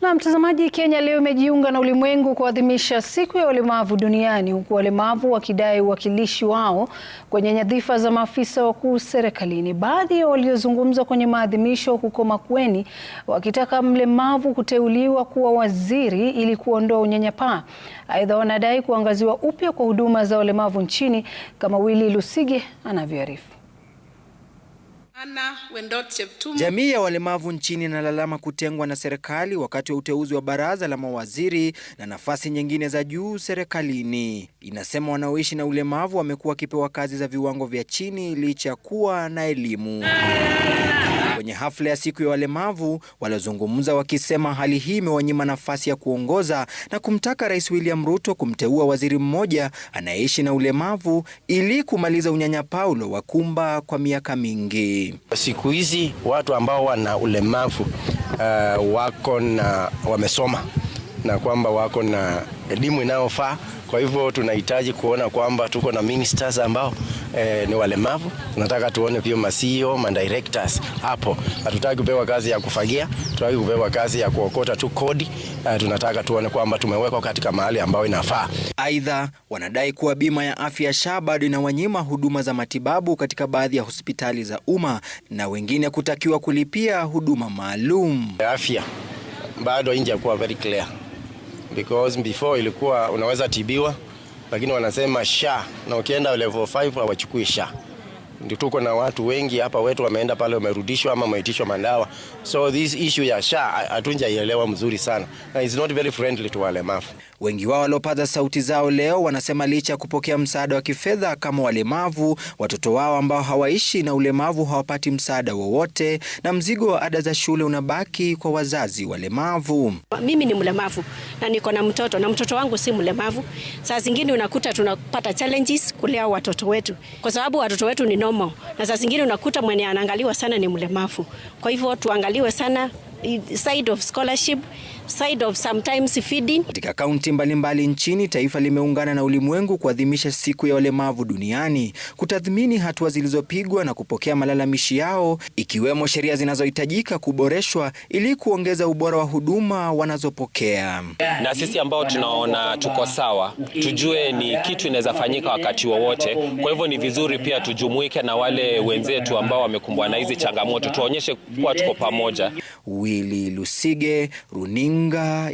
Na mtazamaji, Kenya leo imejiunga na ulimwengu kuadhimisha siku ya ulemavu duniani, huku walemavu wakidai uwakilishi wao kwenye nyadhifa za maafisa wakuu serikalini. Baadhi ya waliozungumza kwenye maadhimisho huko Makueni wakitaka mlemavu kuteuliwa kuwa waziri ili kuondoa unyanyapaa. Aidha, wanadai kuangaziwa upya kwa huduma za walemavu nchini, kama Willy Lusige anavyoarifu. Wendot Jamii ya walemavu nchini inalalama kutengwa na serikali wakati wa uteuzi wa baraza la mawaziri na nafasi nyingine za juu serikalini. Inasema wanaoishi na ulemavu wamekuwa wakipewa kazi za viwango vya chini licha ya kuwa na elimu. Kwenye hafla ya siku ya walemavu, waliozungumza wakisema hali hii imewanyima nafasi ya kuongoza na kumtaka Rais William Ruto kumteua waziri mmoja anayeishi na ulemavu ili kumaliza unyanyapaa uliowakumba kwa miaka mingi. Siku hizi watu ambao wana ulemavu uh, wako na wamesoma na kwamba wako na elimu inayofaa. Kwa hivyo tunahitaji kuona kwamba tuko na ministers ambao eh, ni walemavu. Tunataka tuone pia ma CEO, ma directors hapo. Hatutaki kupewa kazi ya kufagia, tunataka kupewa kazi ya kuokota tu kodi. Eh, tunataka tuone kwamba tumewekwa katika mahali ambayo inafaa. Aidha, wanadai kuwa bima ya afya SHA bado inawanyima huduma za matibabu katika baadhi ya hospitali za umma na wengine kutakiwa kulipia huduma maalum. Afya bado inje kuwa very clear because before ilikuwa unaweza tibiwa, lakini wanasema sha, na ukienda level 5 hawachukui sha ndio tuko na watu wengi hapa wetu wameenda pale wamerudishwa ama wameitishwa mandawa, so this issue ya SHA hatunjaielewa mzuri sana na it's not very friendly to walemavu. Wengi wao waliopaza sauti zao leo wanasema licha ya kupokea msaada wa kifedha kama walemavu, watoto wao ambao hawaishi na ulemavu hawapati msaada wowote, na mzigo wa ada za shule unabaki kwa wazazi walemavu. Mimi ni mlemavu na niko na mtoto na mtoto wangu si mlemavu. Saa zingine unakuta tunapata challenges kulea watoto wetu kwa sababu watoto wetu ni no normal, na saa zingine unakuta mwenye anaangaliwa sana ni mlemavu. Kwa hivyo tuangaliwe sana side of scholarship, side of sometimes feeding. Katika kaunti mbalimbali nchini, taifa limeungana na ulimwengu kuadhimisha siku ya walemavu duniani, kutathmini hatua zilizopigwa na kupokea malalamishi yao, ikiwemo sheria zinazohitajika kuboreshwa ili kuongeza ubora wa huduma wanazopokea. Na sisi ambao tunaona tuko sawa, tujue ni kitu inaweza fanyika wakati wowote wa. Kwa hivyo ni vizuri pia tujumuike na wale wenzetu ambao wamekumbwa na hizi changamoto, tuwaonyeshe kuwa tuko pamoja. Willy Lusige, Runinga